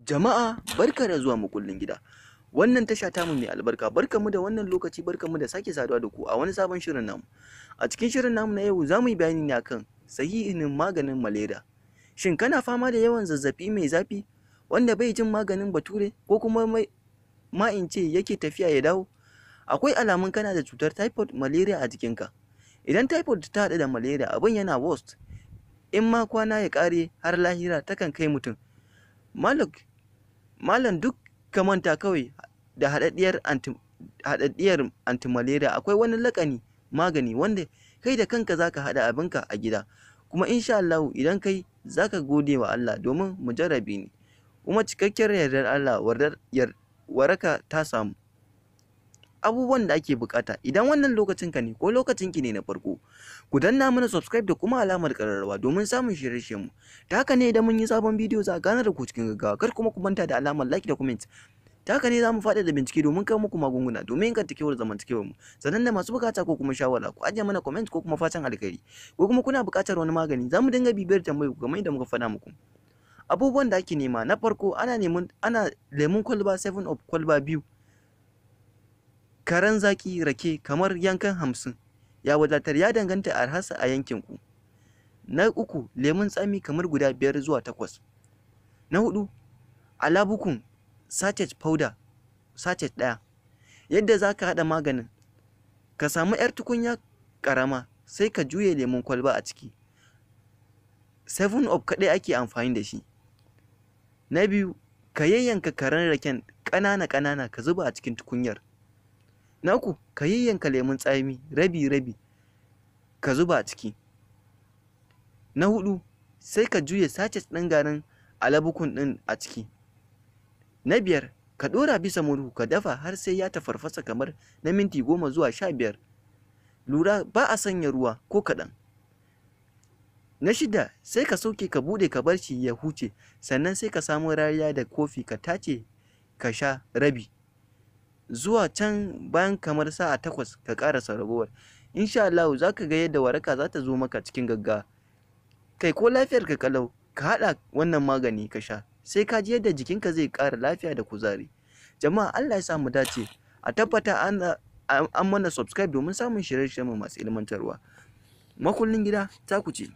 Jama'a barka da zuwa mukullin gida. Wannan tasha tamu mai albarka Barka mu da wannan lokaci barka mu da sake saduwa da ku a wani sabon shirin namu. A cikin shirin namu na yau za mu yi bayani ne akan sahihin maganin malaria. Shin kana fama da yawan zazzafi mai zafi wanda bai jin maganin bature ko kuma ma in ce yake tafiya ya dawo? akwai alamun kana da cutar typhoid malaria a jikinka idan typhoid ta haɗu da malaria abin yana worst in ma kwana ya ƙare har lahira ta kan kai mutum malam duk ka manta kawai da haɗaɗɗiyar anti, antimalaria akwai wani lakani magani wanda kai da kanka zaka haɗa abinka a gida kuma insha Allah idan kai zaka gode wa Allah domin mujarrabi ne kuma cikakkiyar yardar Allah waraka ta samu abubuwan da ake bukata idan wannan lokacin ka ne ko lokacin ki ne na farko ku danna mana subscribe da kuma alamar kararrawa domin samun shirye shiryenmu mu ta haka ne idan mun yi sabon bidiyo za a gane da ku cikin gaggawa kar kuma ku manta da alamar like da comment ta haka ne za mu faɗa da bincike domin kai muku magunguna domin inganta kewar zamantakewar mu sannan da masu bukata ko kuma shawara ku ajiye mana comment ko kuma fatan alkhairi ko kuma kuna bukatar wani magani za mu dinga bibiyar tambayoyi kamar yadda muka faɗa muku abubuwan da ake nema na farko ana neman ana lemon kwalba 7 of kwalba biyu karen zaƙi rake kamar yankan hamsin ya wadatar ya danganta arhasa a yankin ku na uku lemun tsami kamar guda biyar zuwa takwas na hudu alabukun sachet powder sachet ɗaya yadda za ka haɗa maganin ka samu 'yar tukunya ƙarama sai ka juye lemun kwalba a ciki seven of kaɗai ake amfani da shi na biyu ka yayyanka karen raken ƙanana ƙanana ka zuba a cikin tukunyar Na uku ka yi yanka lemun tsami rabi rabi ka zuba a ciki na hudu sai ka juya sace ɗin garin alabukun ɗin a ciki na biyar ka ɗora bisa murhu ka dafa har sai ya tafarfasa kamar na minti goma zuwa sha biyar lura ba a sanya ruwa ko kaɗan na shida sai ka sauke ka bude ka bar shi ya huce sannan sai ka samu rariya da kofi ka tace ka sha rabi zuwa can bayan kamar sa'a takwas ka ƙarasa ragowar insha Allah za ka ga yadda waraka za ta zo maka cikin gagga kai ko lafiyar ka kalau ka haɗa wannan magani ka sha sai ka ji yadda jikinka zai ƙara lafiya da kuzari jama'a Allah ya sa mu dace a tabbata an an mana subscribe domin samun shirye-shiryen masu ilmantarwa makullin gida ta ku ce